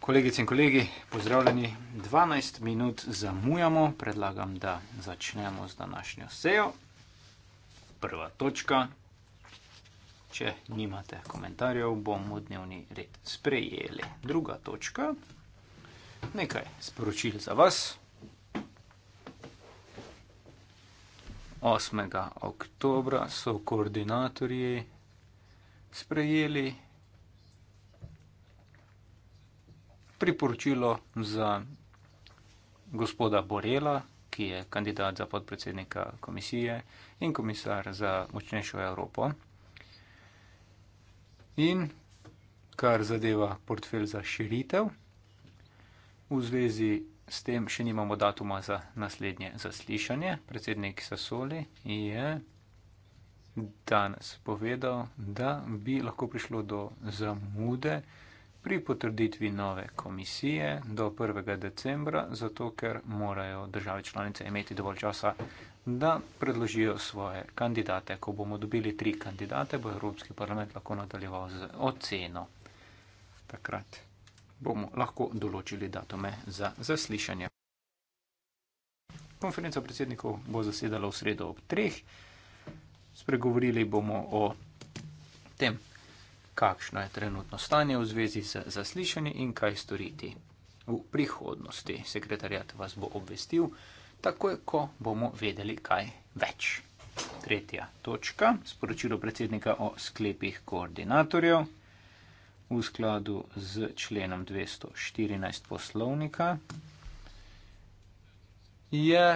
Kolegice in kolegi, pozdravljeni. 12 minut zamujamo, predlagam, da začnemo z današnjo sejo. Prva točka. Če nimate komentarjev, bomo dnevni red sprejeli. Druga točka. Nekaj sporočil za vas. 8. oktobra so koordinatorji sprejeli priporočilo za gospoda Borela, ki je kandidat za podpredsednika komisije in komisar za močnejšo Evropo. In kar zadeva portfelj za širitev, v zvezi s tem še nimamo datuma za naslednje zaslišanje. Predsednik Sasoli je danes povedal, da bi lahko prišlo do zamude pri potrditvi nove komisije do 1. decembra, zato ker morajo države članice imeti dovolj časa, da predložijo svoje kandidate. Ko bomo dobili tri kandidate, bo Evropski parlament lahko nadaljeval z oceno. Takrat bomo lahko določili datume za zaslišanje. Konferenca predsednikov bo zasedala v sredo ob treh. Spregovorili bomo o tem, kakšno je trenutno stanje v zvezi z zaslišanjem in kaj storiti. V prihodnosti sekretarjat vas bo obvestil, takoj ko bomo vedeli kaj več. Tretja točka, sporočilo predsednika o sklepih koordinatorjev. V skladu z členom 214 poslovnika je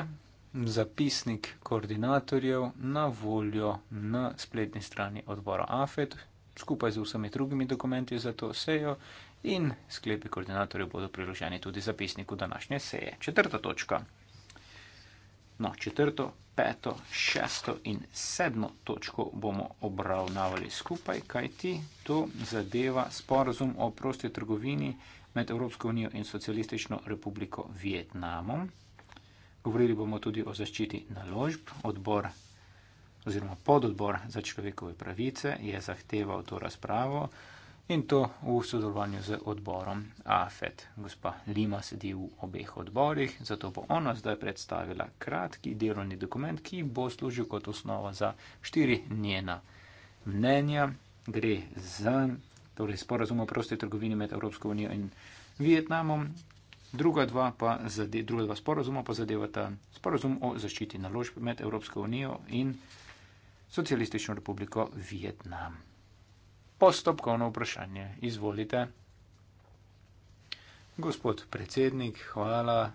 zapisnik koordinatorjev na voljo na spletni strani odbora AFED, skupaj z vsemi drugimi dokumenti za to sejo in sklepi koordinatorjev bodo priloženi tudi zapisniku današnje seje. Četrta točka. No, četrto, peto, šesto in sedmo točko bomo obravnavali skupaj, kajti to zadeva sporozum o prosti trgovini med Evropsko unijo in Socialistično republiko Vietnamom. Govorili bomo tudi o zaščiti naložb. Odbor oziroma pododbor za človekove pravice je zahteval to razpravo in to v sodelovanju z odborom AFET. Gospa Lima sedi v obeh odborih, zato bo ona zdaj predstavila kratki delovni dokument, ki bo služil kot osnova za štiri njena mnenja. Gre za torej, sporazum o prosti trgovini med Evropsko unijo in Vietnamom. Druga dva, pa zade, druga dva sporozuma pa zadevata sporozum o zaščiti naložb med Evropsko unijo in Vietnamom socialistično republiko Vietnam. Postopkovno vprašanje, izvolite. Gospod predsednik, hvala,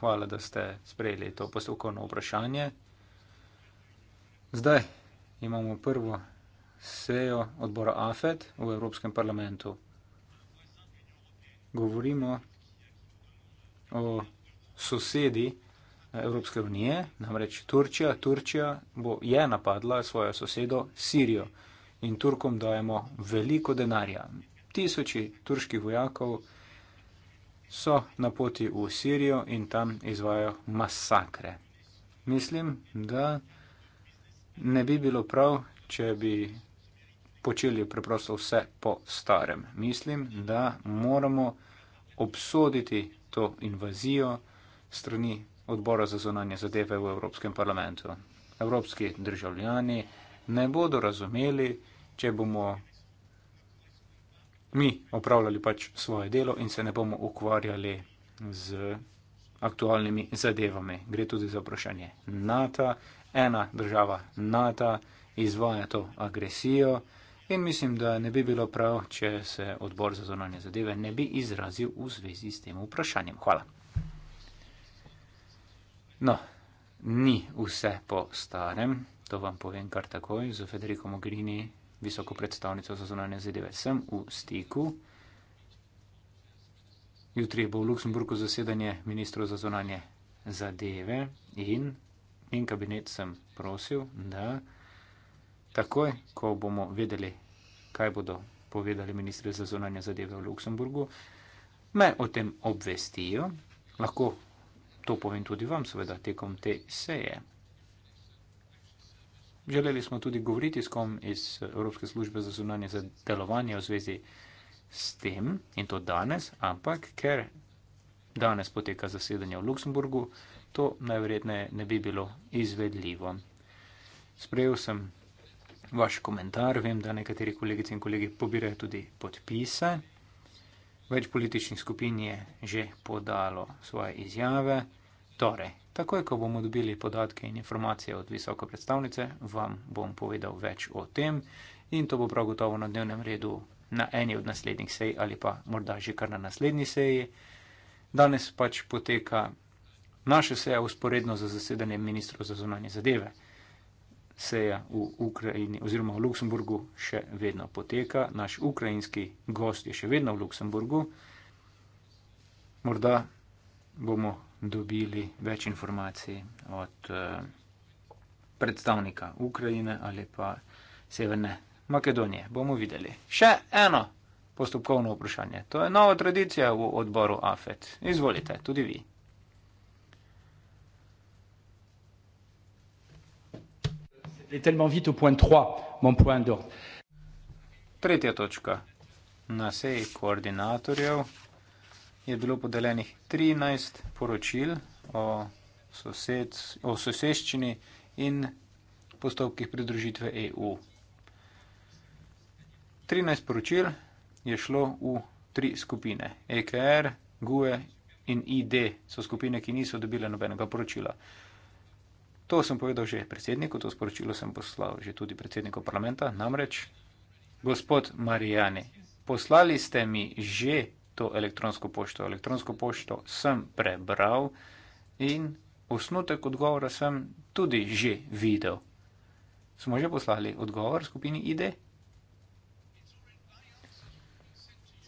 hvala, da ste sprejeli to postopkovno vprašanje. Zdaj imamo prvo sejo odbora AFED v Evropskem parlamentu. Govorimo o sosedi, Evropske unije, namreč Turčija. Turčija bo, je napadla svojo sosedo Sirijo in Turkom dajemo veliko denarja. Tisoči turških vojakov so na poti v Sirijo in tam izvajo masakre. Mislim, da ne bi bilo prav, če bi počeli preprosto vse po starem. Mislim, da moramo obsoditi to invazijo strani odbora za zunanje zadeve v Evropskem parlamentu. Evropski državljani ne bodo razumeli, če bomo mi opravljali pač svoje delo in se ne bomo ukvarjali z aktualnimi zadevami. Gre tudi za vprašanje NATO. Ena država NATO izvaja to agresijo in mislim, da ne bi bilo prav, če se odbor za zunanje zadeve ne bi izrazil v zvezi s tem vprašanjem. Hvala. No, ni vse po starem, to vam povem kar takoj, z Federico Mogherini, visoko predstavnico za zunanje zadeve, sem v stiku. Jutri bo v Luksemburgu zasedanje ministrov za zunanje zadeve in in kabinet sem prosil, da takoj, ko bomo vedeli, kaj bodo povedali ministri za zunanje zadeve v Luksemburgu, me o tem obvestijo. Lahko to povem tudi vam, seveda, tekom te seje. Želeli smo tudi govoriti s kom iz Evropske službe za zunanje za delovanje v zvezi s tem in to danes, ampak ker danes poteka zasedanje v Luksemburgu, to najverjetneje ne bi bilo izvedljivo. Sprejel sem vaš komentar, vem, da nekateri kolegice in kolegi pobirajo tudi podpise. Več političnih skupin je že podalo svoje izjave. Torej, takoj, ko bomo dobili podatke in informacije od visoke predstavnice, vam bom povedal več o tem in to bo prav gotovo na dnevnem redu na eni od naslednjih sej ali pa morda že kar na naslednji seji. Danes pač poteka naša seja usporedno za zasedanje ministrov za zunanje zadeve seja v Ukrajini oziroma v Luksemburgu še vedno poteka. Naš ukrajinski gost je še vedno v Luksemburgu. Morda bomo dobili več informacij od eh, predstavnika Ukrajine ali pa Severne Makedonije. Bomo videli. Še eno postopkovno vprašanje. To je nova tradicija v odboru AFET. Izvolite, tudi vi. je vais tellement vite au point 3, mon point d'ordre. Tretja točka. Na seji koordinatorjev je bilo podeljenih 13 poročil o, sosed, o soseščini in postopkih pridružitve EU. 13 poročil je šlo v tri skupine. EKR, GUE in ID so skupine, ki niso dobile nobenega poročila. To sem povedal že predsedniku, to sporočilo sem poslal že tudi predsedniku parlamenta, namreč, gospod Marijani, poslali ste mi že to elektronsko pošto. Elektronsko pošto sem prebral in osnutek odgovora sem tudi že videl. Smo že poslali odgovor skupini ID?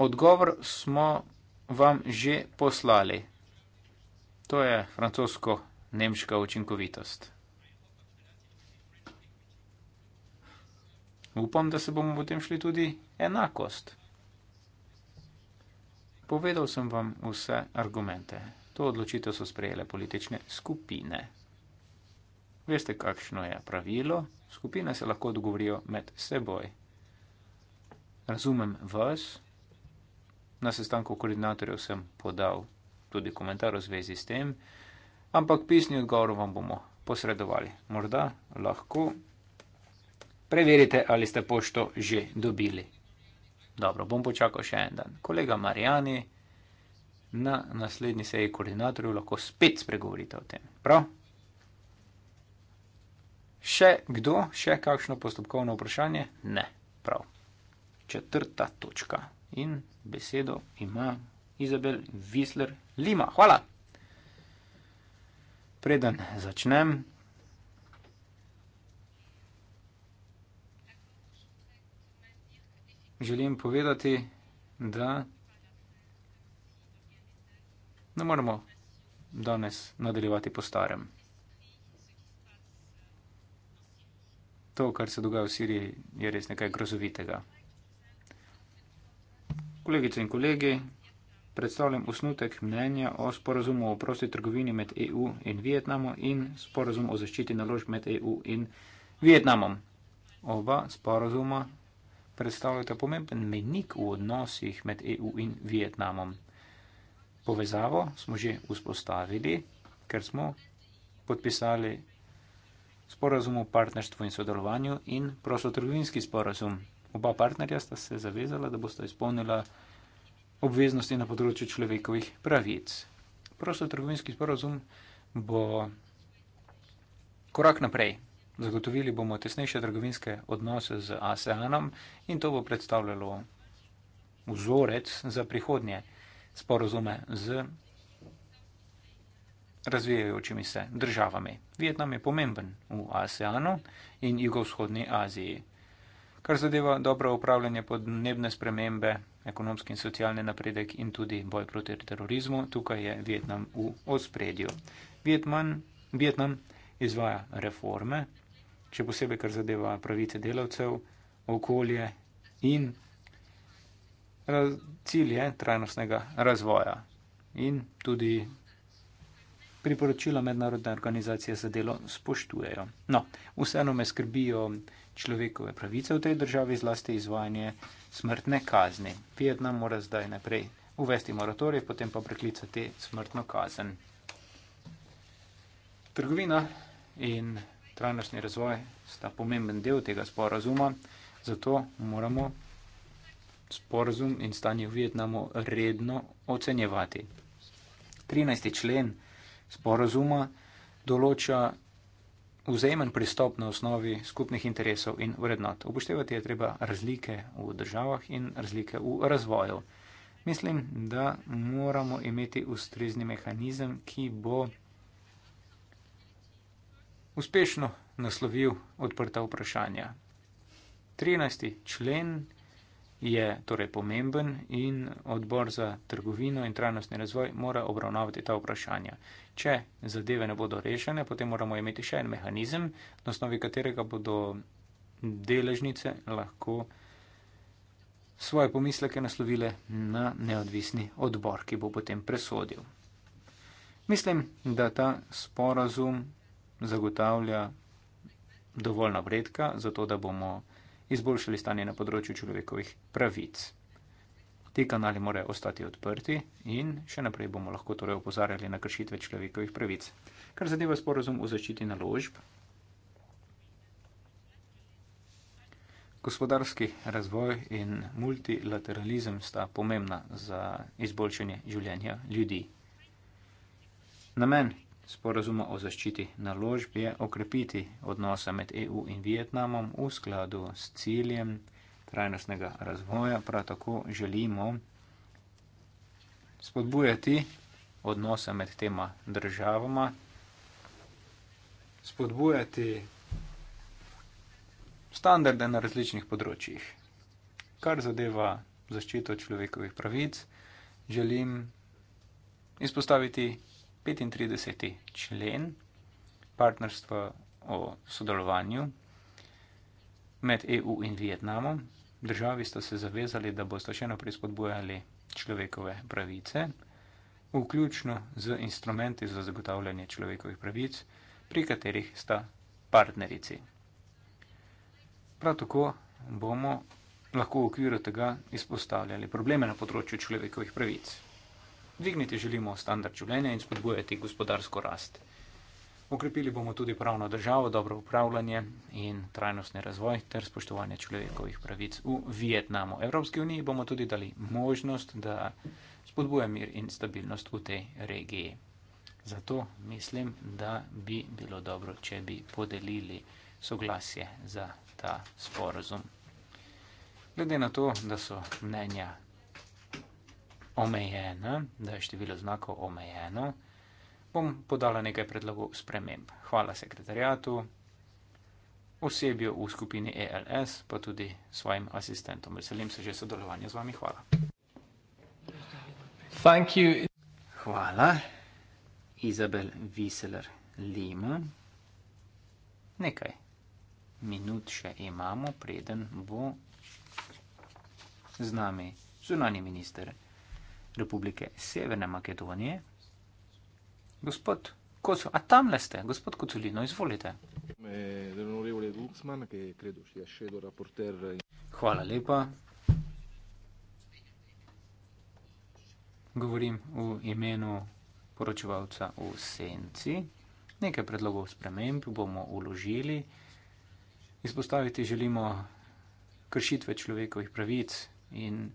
Odgovor smo vam že poslali. To je francosko-nemška učinkovitost. Upam, da se bomo potem šli tudi enakost. Povedal sem vam vse argumente. To odločitev so sprejele politične skupine. Veste, kakšno je pravilo? Skupine se lahko dogovorijo med seboj. Razumem vas. Na sestanku koordinatorjev sem podal tudi komentar v zvezi s tem, ampak pisni odgovor vam bomo posredovali. Morda lahko preverite, ali ste pošto že dobili. Dobro, bom počakal še en dan. Kolega Marijani, na naslednji seji koordinatorjev lahko spet spregovorite o tem. Prav? Še kdo, še kakšno postopkovno vprašanje? Ne, prav. Četrta točka. In besedo ima Izabel Visler Lima. Hvala. Preden začnem. želim povedati, da ne moramo danes nadaljevati po starem. To, kar se dogaja v Siriji, je res nekaj grozovitega. Kolegice in kolegi, predstavljam osnutek mnenja o sporazumu o prosti trgovini med EU in Vietnamom in sporazum o zaščiti naložb med EU in Vietnamom. Oba sporazuma predstavljata pomemben mejnik v odnosih med EU in Vietnamom. Povezavo smo že vzpostavili, ker smo podpisali sporazum o partnerstvu in sodelovanju in prostotrgovinski sporazum. Oba partnerja sta se zavezala, da bosta izpolnila obveznosti na področju človekovih pravic. Prostotrgovinski sporazum bo korak naprej. Zagotovili bomo tesnejše trgovinske odnose z ASEANom in to bo predstavljalo vzorec za prihodnje sporozume z razvijajočimi se državami. Vietnam je pomemben v ASEANu in jugovzhodni Aziji. Kar zadeva dobro upravljanje podnebne spremembe, ekonomski in socialni napredek in tudi boj proti terorizmu, tukaj je Vietnam v ospredju. Vietnam, Vietnam izvaja reforme, še posebej, kar zadeva pravice delavcev, okolje in eh, cilje trajnostnega razvoja in tudi priporočila mednarodne organizacije za delo spoštujejo. No, vseeno me skrbijo človekove pravice v tej državi, zlasti izvajanje smrtne kazni. Vietnam mora zdaj najprej uvesti moratorij, potem pa preklicati smrtno kazen. Trgovina in trajnostni razvoj sta pomemben del tega sporazuma, zato moramo sporazum in stanje v Vietnamu redno ocenjevati. 13. člen sporazuma določa vzajemen pristop na osnovi skupnih interesov in vrednot. Upoštevati je treba razlike v državah in razlike v razvoju. Mislim, da moramo imeti ustrezni mehanizem, ki bo uspešno naslovil odprta vprašanja. 13. člen je torej pomemben in odbor za trgovino in trajnostni razvoj mora obravnavati ta vprašanja. Če zadeve ne bodo rešene, potem moramo imeti še en mehanizem, na osnovi katerega bodo deležnice lahko svoje pomisleke naslovile na neodvisni odbor, ki bo potem presodil. Mislim, da ta sporazum zagotavlja dovolj napredka, zato da bomo izboljšali stanje na področju človekovih pravic. Ti kanali morajo ostati odprti in še naprej bomo lahko torej opozarjali na kršitve človekovih pravic. Kar zadeva sporozum o zaščiti naložb, gospodarski razvoj in multilateralizem sta pomembna za izboljšanje življenja ljudi. Namen Sporazuma o zaščiti naložb je okrepiti odnose med EU in Vietnamom v skladu s ciljem trajnostnega razvoja. Prav tako želimo spodbujati odnose med tema državama, spodbujati standarde na različnih področjih. Kar zadeva zaščito človekovih pravic, želim izpostaviti 35. člen partnerstva o sodelovanju med EU in Vietnamom. Državi sta se zavezali, da bo sta še naprej spodbujali človekove pravice, vključno z instrumenti za zagotavljanje človekovih pravic, pri katerih sta partnerici. Prav tako bomo lahko v okviru tega izpostavljali probleme na področju človekovih pravic. Dvigniti želimo standard življenja in spodbujati gospodarsko rast. Okrepili bomo tudi pravno državo, dobro upravljanje in trajnostni razvoj ter spoštovanje človekovih pravic v Vietnamu. Evropski uniji bomo tudi dali možnost, da spodbuja mir in stabilnost v tej regiji. Zato mislim, da bi bilo dobro, če bi podelili soglasje za ta sporozum. Glede na to, da so mnenja omejena, da je število znakov omejeno, bom podala nekaj predlogov sprememb. Hvala sekretarjatu, osebju v skupini ELS, pa tudi svojim asistentom. Veselim se že sodelovanja z vami. Hvala. Hvala, Izabel Wieseler Lima. Nekaj minut še imamo, preden bo z nami zunani minister. Republike Severne Makedonije. Gospod Kocu, a tam le ste, gospod Koculino, izvolite. Hvala lepa. Govorim v imenu poročevalca v Senci. Nekaj predlogov sprememb bomo uložili. Izpostaviti želimo kršitve človekovih pravic in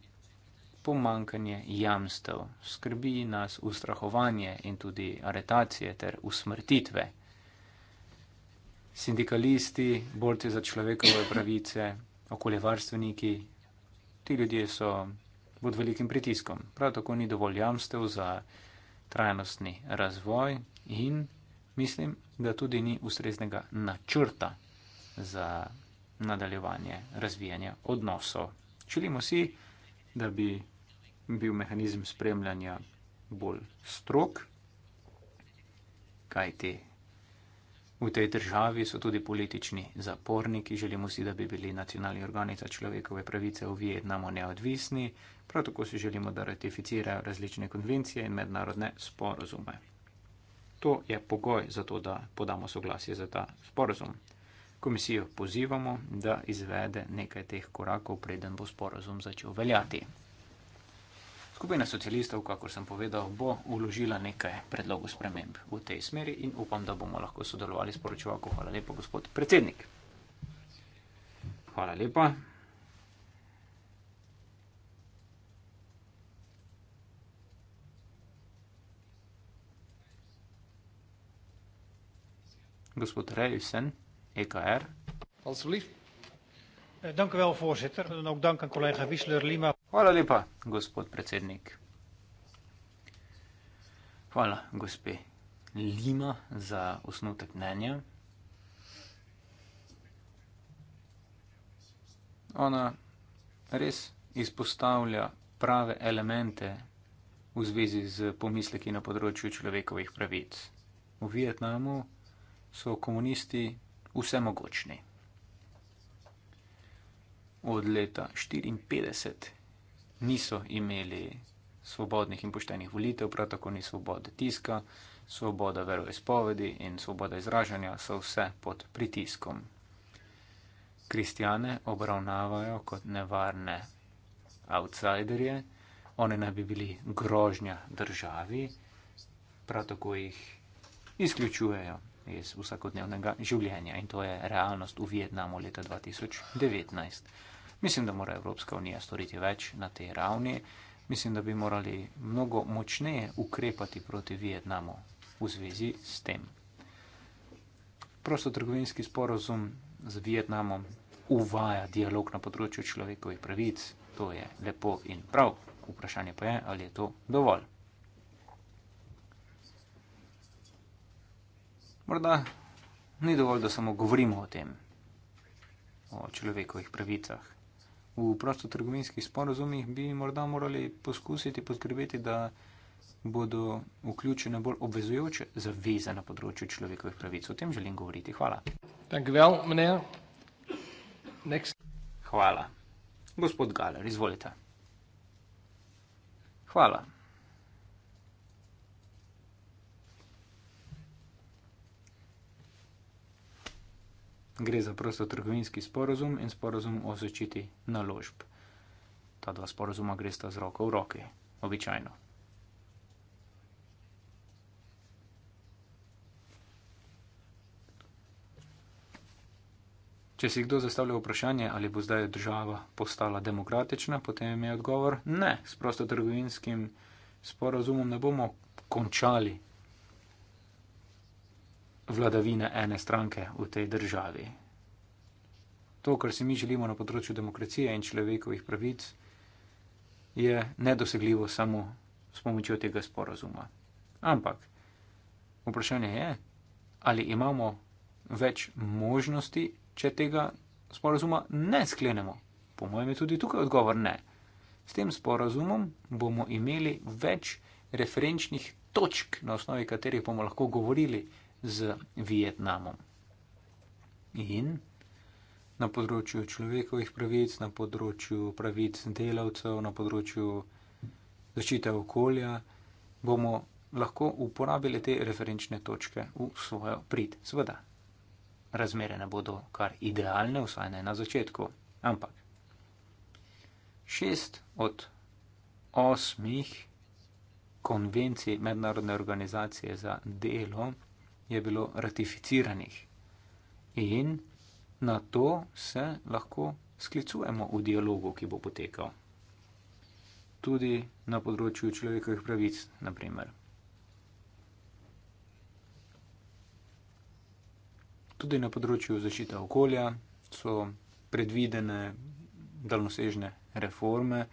pomankanje jamstev, skrbi nas ustrahovanje in tudi aretacije ter usmrtitve. Sindikalisti, borci za človekove pravice, okoljevarstveniki, ti ljudje so pod velikim pritiskom. Prav tako ni dovolj jamstev za trajnostni razvoj in mislim, da tudi ni ustreznega načrta za nadaljevanje razvijanja odnosov. Želimo si, da bi bil mehanizem spremljanja bolj strok, kajti v tej državi so tudi politični zaporniki, želimo si, da bi bili nacionalni organi za človekove pravice v Vietnamu neodvisni, prav tako si želimo, da ratificirajo različne konvencije in mednarodne sporozume. To je pogoj za to, da podamo soglasje za ta sporozum. Komisijo pozivamo, da izvede nekaj teh korakov, preden bo sporozum začel veljati. Skupina socialistov, kakor sem povedal, bo uložila nekaj predlogov sprememb v tej smeri in upam, da bomo lahko sodelovali s poročevalko. Hvala lepa, gospod predsednik. Hvala lepa. Gospod Rejusen, EKR. Eh, dank u wel, voorzitter. En ook dank aan collega Wiesler-Lima. Hvala lepa, gospod predsednik. Hvala, gospe Lima, za osnutek mnenja. Ona res izpostavlja prave elemente v zvezi z pomisleki na področju človekovih pravic. V Vietnamu so komunisti vsemogočni. Od leta 1954 niso imeli svobodnih in poštenih volitev, prav tako ni svobode tiska, svoboda veroizpovedi in svoboda izražanja so vse pod pritiskom. Kristijane obravnavajo kot nevarne outsiderje, one naj bi bili grožnja državi, prav tako jih izključujejo iz vsakodnevnega življenja in to je realnost v Vietnamu leta 2019. Mislim, da mora Evropska unija storiti več na tej ravni. Mislim, da bi morali mnogo močneje ukrepati proti Vietnamu v zvezi s tem. Prostotrgovinski sporozum z Vietnamom uvaja dialog na področju človekovih pravic. To je lepo in prav. Vprašanje pa je, ali je to dovolj. Morda ni dovolj, da samo govorimo o tem, o človekovih pravicah v prostotrgovinskih sporozumih, bi morda morali poskusiti poskrbeti, da bodo vključene bolj obvezujoče zaveze na področju človekovih pravic. O tem želim govoriti. Hvala. Well, Hvala. Gospod Galer, izvolite. Hvala. Gre za prostotrgovinski sporozum in sporozum o zaščiti naložb. Ta dva sporozuma gre sta z roko v roki, običajno. Če si kdo zastavlja vprašanje, ali bo zdaj država postala demokratična, potem je odgovor ne. S prostotrgovinskim sporozumom ne bomo končali vladavine ene stranke v tej državi. To, kar si mi želimo na področju demokracije in človekovih pravic, je nedosegljivo samo s pomočjo tega sporazuma. Ampak vprašanje je, ali imamo več možnosti, če tega sporazuma ne sklenemo. Po mojem je tudi tukaj odgovor ne. S tem sporazumom bomo imeli več referenčnih točk, na osnovi katerih bomo lahko govorili, z Vietnamom. In na področju človekovih pravic, na področju pravic delavcev, na področju zaščite okolja bomo lahko uporabili te referenčne točke v svojo prid. Sveda, razmere ne bodo kar idealne, vsaj ne na začetku, ampak šest od osmih konvencij Mednarodne organizacije za delo je bilo ratificiranih. In na to se lahko sklicujemo v dialogu, ki bo potekal. Tudi na področju človekovih pravic, naprimer. Tudi na področju zaščite okolja so predvidene daljnosežne reforme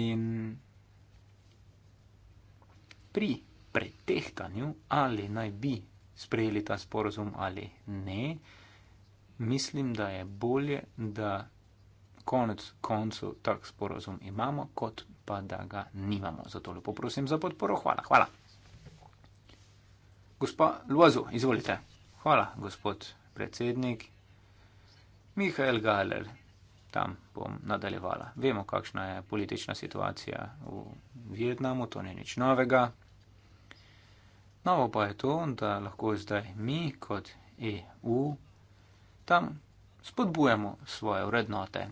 in pri pretehtanju, ali naj bi sprejeli ta sporozum ali ne. Mislim, da je bolje, da konec koncu tak sporozum imamo, kot pa da ga nimamo. Zato lepo prosim za podporo. Hvala. Hvala. Gospa Luazu, izvolite. Hvala, gospod predsednik. Mihajl Galer, tam bom nadaljevala. Vemo, kakšna je politična situacija v Vietnamu, to ni nič novega. Novo pa je to, da lahko zdaj mi kot EU tam spodbujamo svoje vrednote,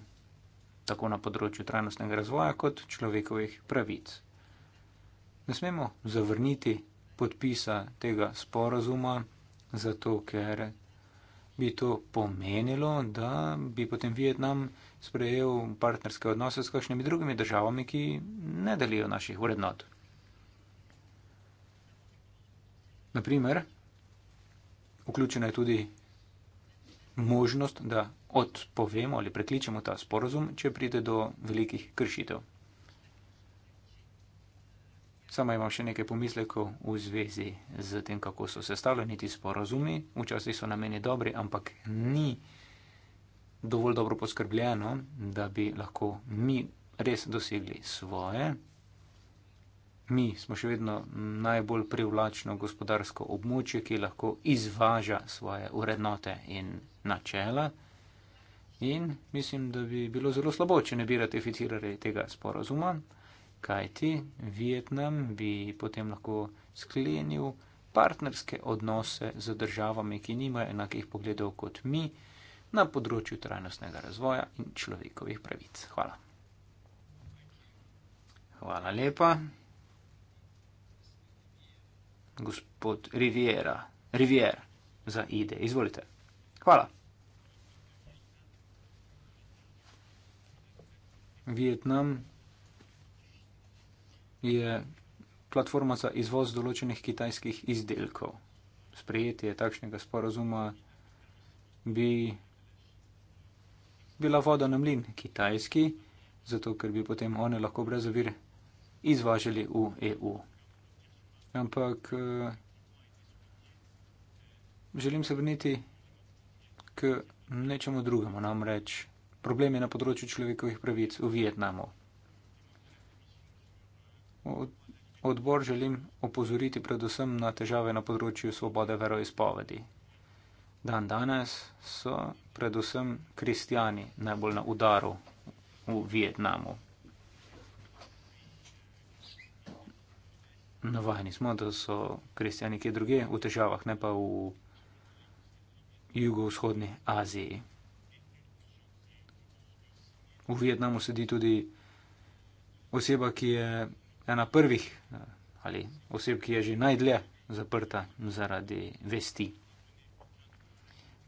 tako na področju trajnostnega razvoja kot človekovih pravic. Ne smemo zavrniti podpisa tega sporazuma, zato ker bi to pomenilo, da bi potem Vietnam sprejel partnerske odnose s kakšnimi drugimi državami, ki ne delijo naših vrednot. Naprimer, vključena je tudi možnost, da odpovemo ali prekličemo ta sporozum, če pride do velikih kršitev. Sama imam še nekaj pomislekov v zvezi z tem, kako so sestavljeni ti sporozumi. Včasih so na meni dobri, ampak ni dovolj dobro poskrbljeno, da bi lahko mi res dosegli svoje mi smo še vedno najbolj privlačno gospodarsko območje, ki lahko izvaža svoje urednote in načela. In mislim, da bi bilo zelo slabo, če ne bi ratificirali tega sporozuma, kajti Vietnam bi potem lahko sklenil partnerske odnose z državami, ki nimajo enakih pogledov kot mi na področju trajnostnega razvoja in človekovih pravic. Hvala. Hvala lepa gospod Riviera, Rivier za ide. Izvolite. Hvala. Vietnam je platforma za izvoz določenih kitajskih izdelkov. Sprejetje takšnega sporozuma bi bila voda na mlin kitajski, zato ker bi potem one lahko brez ovir izvažali v EU ampak uh, želim se vrniti k nečemu drugemu, namreč problemi na področju človekovih pravic v Vietnamu. Od, odbor želim opozoriti predvsem na težave na področju svobode veroizpovedi. Dan danes so predvsem kristijani najbolj na udaru v Vietnamu. navajeni smo, da so kristijani kje druge v težavah, ne pa v jugovzhodni Aziji. V Vietnamu sedi tudi oseba, ki je ena prvih ali oseb, ki je že najdlje zaprta zaradi vesti.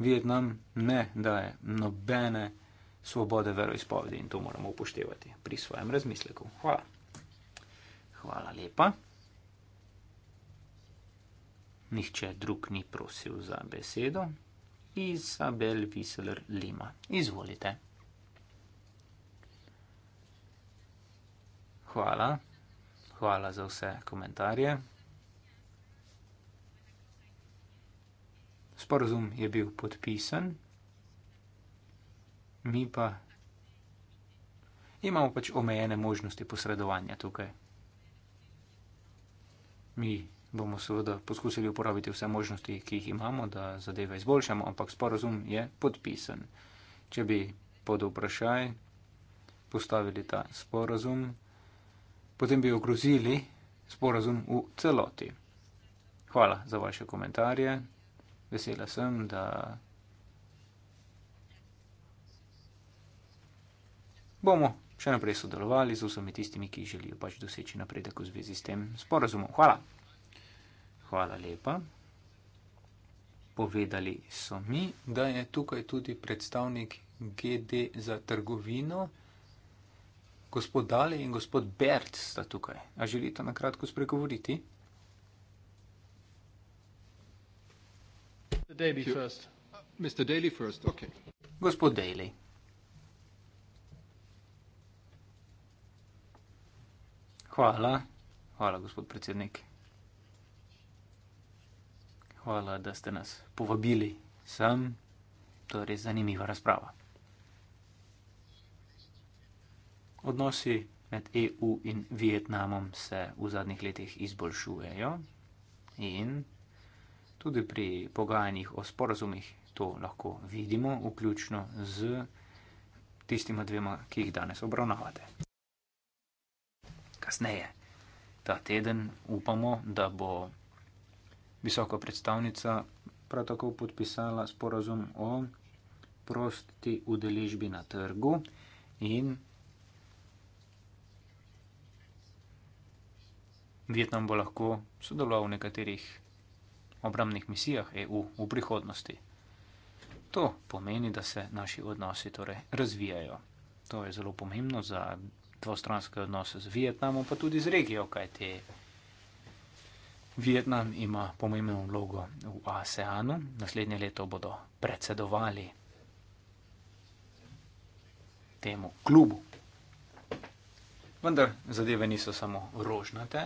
Vietnam ne daje nobene svobode veroizpovedi in to moramo upoštevati pri svojem razmisleku. Hvala. Hvala lepa nihče drug ni prosil za besedo. Isabel Wiesler Lima, izvolite. Hvala, hvala za vse komentarje. Sporozum je bil podpisan, mi pa imamo pač omejene možnosti posredovanja tukaj. Mi bomo seveda poskusili uporabiti vse možnosti, ki jih imamo, da zadeve izboljšamo, ampak sporozum je podpisan. Če bi pod vprašaj postavili ta sporozum, potem bi ogrozili sporozum v celoti. Hvala za vaše komentarje. Vesela sem, da. Bomo še naprej sodelovali z vsemi tistimi, ki želijo pač doseči napredek v zvezi s tem sporozumom. Hvala hvala lepa. Povedali so mi, da je tukaj tudi predstavnik GD za trgovino. Gospod Dali in gospod Bert sta tukaj. A želite na kratko spregovoriti? Daily uh, Daily okay. Gospod Daly. Hvala. Hvala, gospod predsednik. Hvala, da ste nas povabili sem. To je res zanimiva razprava. Odnosi med EU in Vietnamom se v zadnjih letih izboljšujejo in tudi pri pogajanjih o sporazumih to lahko vidimo, vključno z tistima dvema, ki jih danes obravnavate. Kasneje, ta teden upamo, da bo visoka predstavnica prav tako podpisala sporazum o prosti udeležbi na trgu in Vietnam bo lahko sodeloval v nekaterih obramnih misijah EU v prihodnosti. To pomeni, da se naši odnosi torej razvijajo. To je zelo pomembno za dvostranske odnose z Vietnamom, pa tudi z regijo, kaj te je. Vietnam ima pomembno vlogo v ASEANu, naslednje leto bodo predsedovali temu klubu. Vendar zadeve niso samo rožnate,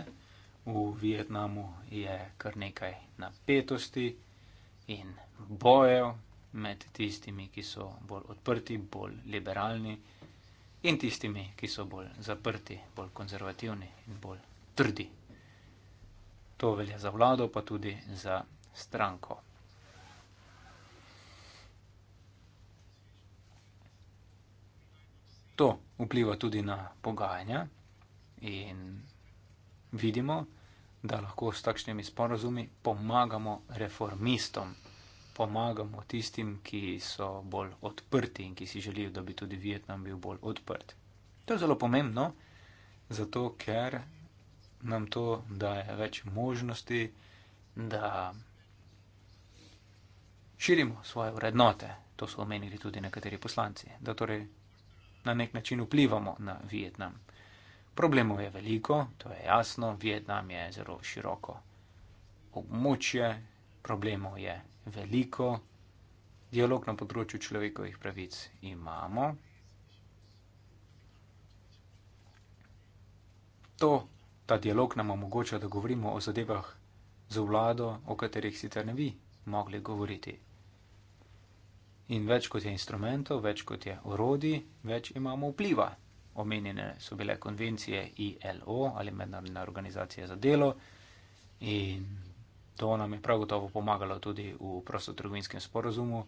v Vietnamu je kar nekaj napetosti in bojev med tistimi, ki so bolj odprti, bolj liberalni in tistimi, ki so bolj zaprti, bolj konzervativni in bolj trdi. To velja za vlado, pa tudi za stranko. To vpliva tudi na pogajanja in vidimo, da lahko s takšnimi sporozumi pomagamo reformistom, pomagamo tistim, ki so bolj odprti in ki si želijo, da bi tudi Vietnam bil bolj odprt. To je zelo pomembno, zato ker nam to daje več možnosti, da širimo svoje vrednote. To so omenili tudi nekateri poslanci, da torej na nek način vplivamo na Vietnam. Problemov je veliko, to je jasno, Vietnam je zelo široko območje, problemov je veliko, dialog na področju človekovih pravic imamo. To ta dialog nam omogoča, da govorimo o zadevah z vlado, o katerih sicer ne bi mogli govoriti. In več kot je instrumentov, več kot je orodi, več imamo vpliva. Omenjene so bile konvencije ILO ali Mednarodna organizacija za delo in to nam je prav gotovo pomagalo tudi v prostotrgovinskem sporozumu.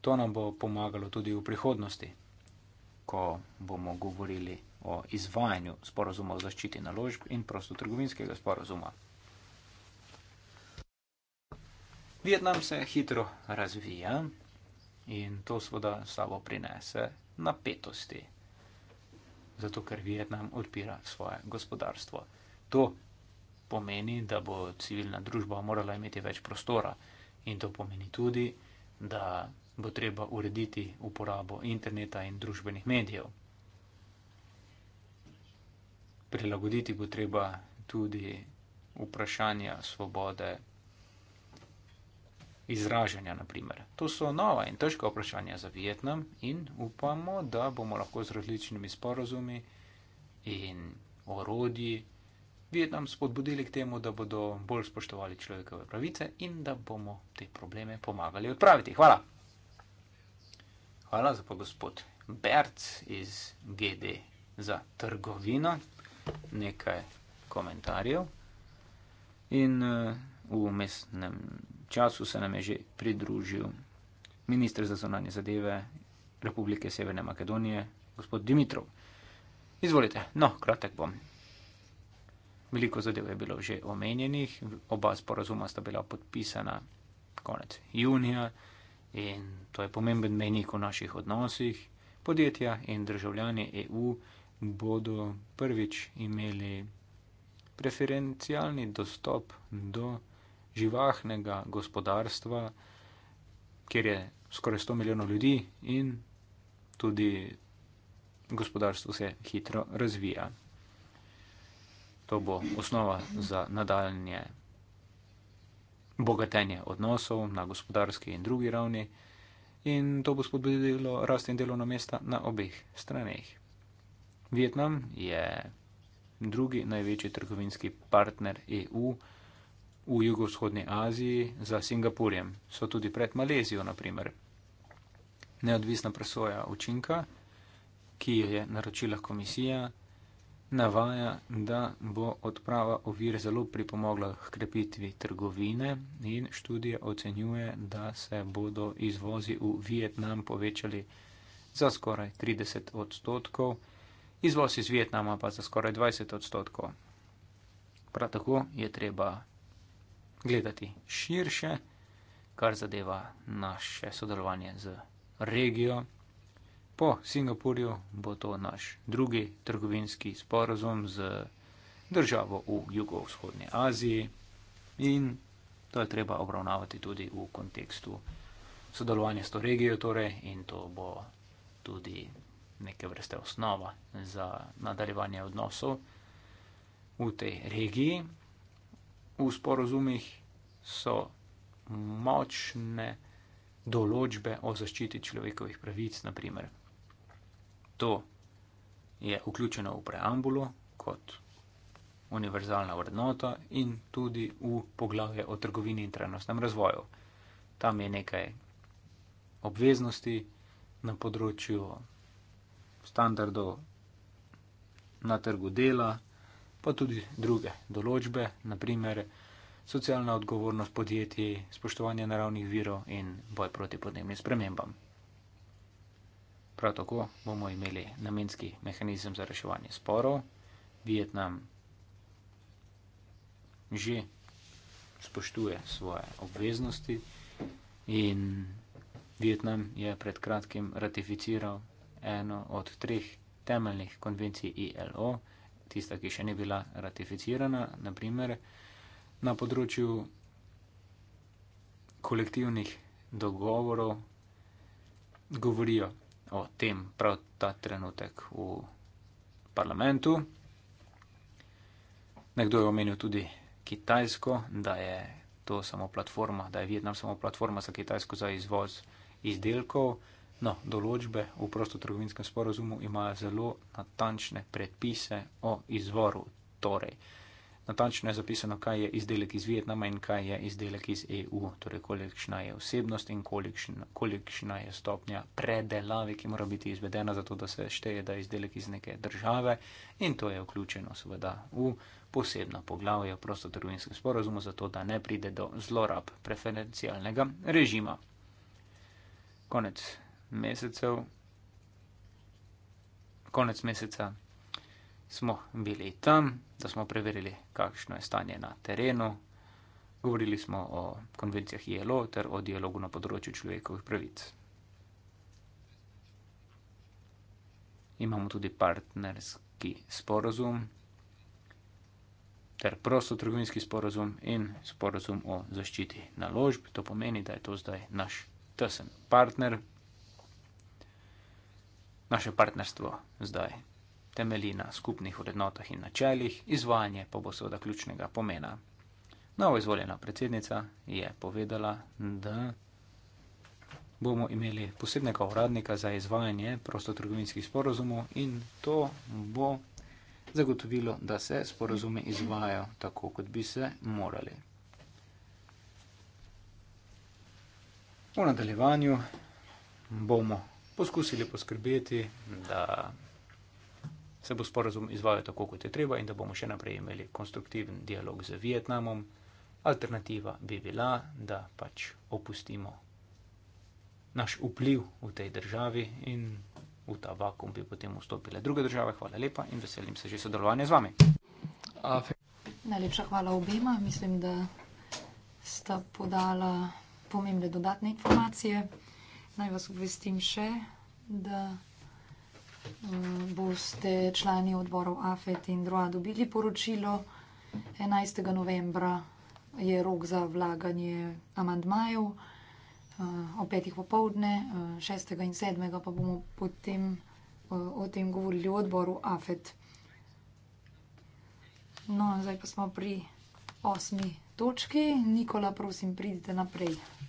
To nam bo pomagalo tudi v prihodnosti, ko bomo govorili o izvajanju sporozuma o zaščiti naložb in prostotrgovinskega sporozuma. Vietnam se hitro razvija in to seveda sabo prinese napetosti, zato ker Vietnam odpira svoje gospodarstvo. To pomeni, da bo civilna družba morala imeti več prostora in to pomeni tudi, da bo treba urediti uporabo interneta in družbenih medijev prilagoditi bo treba tudi vprašanja svobode izražanja. Naprimer. To so nova in težka vprašanja za Vietnam in upamo, da bomo lahko z različnimi sporozumi in orodji Vietnam spodbudili k temu, da bodo bolj spoštovali človekove pravice in da bomo te probleme pomagali odpraviti. Hvala. Hvala za pa gospod Bert iz GD za trgovino nekaj komentarjev. In eh, v umestnem času se nam je že pridružil ministr za zonanje zadeve Republike Severne Makedonije, gospod Dimitrov. Izvolite, no, kratek bom. Veliko zadev je bilo že omenjenih, oba sporazuma sta bila podpisana konec junija in to je pomemben mejnik v naših odnosih, podjetja in državljani EU bodo prvič imeli preferencialni dostop do živahnega gospodarstva, kjer je skoraj 100 milijonov ljudi in tudi gospodarstvo se hitro razvija. To bo osnova za nadaljnje bogatenje odnosov na gospodarski in drugi ravni in to bo spodbudilo rast in delovna mesta na obeh straneh. Vietnam je drugi največji trgovinski partner EU v jugovzhodni Aziji za Singapurjem. So tudi pred Malezijo, naprimer. Neodvisna presoja učinka, ki jo je naročila komisija, navaja, da bo odprava ovir zelo pripomogla k krepitvi trgovine in študija ocenjuje, da se bodo izvozi v Vietnam povečali za skoraj 30 odstotkov izvoz iz Vietnama pa za skoraj 20 odstotkov. Prav tako je treba gledati širše, kar zadeva naše sodelovanje z regijo. Po Singapurju bo to naš drugi trgovinski sporozum z državo v jugovzhodni Aziji in to je treba obravnavati tudi v kontekstu sodelovanja s to regijo torej in to bo tudi neke vrste osnova za nadaljevanje odnosov v tej regiji. V sporozumih so močne določbe o zaščiti človekovih pravic, naprimer. To je vključeno v preambulo kot univerzalna vrednota in tudi v poglavje o trgovini in trajnostnem razvoju. Tam je nekaj obveznosti na področju standardov na trgu dela, pa tudi druge določbe, naprimer socialna odgovornost podjetij, spoštovanje naravnih virov in boj proti podnebnim spremembam. Prav tako bomo imeli namenski mehanizem za reševanje sporov. Vietnam že spoštuje svoje obveznosti in Vietnam je pred kratkim ratificiral eno od treh temeljnih konvencij ILO, tista, ki še ni bila ratificirana, naprimer na področju kolektivnih dogovorov, govorijo o tem prav ta trenutek v parlamentu. Nekdo je omenil tudi Kitajsko, da je to samo platforma, da je Vietnam samo platforma za Kitajsko za izvoz izdelkov. No, določbe v prostotrgovinskem sporozumu imajo zelo natančne predpise o izvoru. Torej, natančno je zapisano, kaj je izdelek iz Vietnama in kaj je izdelek iz EU, torej kolikšna je vsebnost in kolikšna, kolikšna je stopnja predelave, ki mora biti izvedena, zato da se šteje, da je izdelek iz neke države in to je vključeno seveda v posebno poglavje prostotrgovinskem sporozumu, zato da ne pride do zlorab preferencialnega režima. Konec mesecev, konec meseca smo bili tam, da smo preverili, kakšno je stanje na terenu. Govorili smo o konvencijah ILO ter o dialogu na področju človekovih pravic. Imamo tudi partnerski sporozum ter prostotrgovinski sporozum in sporozum o zaščiti naložb. To pomeni, da je to zdaj naš tesen partner. Naše partnerstvo zdaj temelji na skupnih vrednotah in načeljih, izvajanje pa bo seveda ključnega pomena. Novo izvoljena predsednica je povedala, da bomo imeli posebnega uradnika za izvajanje prostotrgovinskih sporozumov in to bo zagotovilo, da se sporozume izvajajo tako, kot bi se morali. V nadaljevanju bomo poskusili poskrbeti, da se bo sporazum izvajal tako, kot je treba in da bomo še naprej imeli konstruktiven dialog z Vietnamom. Alternativa bi bila, da pač opustimo naš vpliv v tej državi in v ta vakum bi potem vstopile druge države. Hvala lepa in veselim se že sodelovanja z vami. Najlepša hvala obema. Mislim, da sta podala pomembne dodatne informacije naj vas obvestim še, da eh, boste člani odborov AFET in DROA dobili poročilo. 11. novembra je rok za vlaganje amandmajev eh, o petih popovdne, 6. Eh, in 7. pa bomo potem o tem govorili v odboru AFET. No, zdaj pa smo pri osmi točki. Nikola, prosim, pridite naprej. Nikola, prosim, pridite naprej.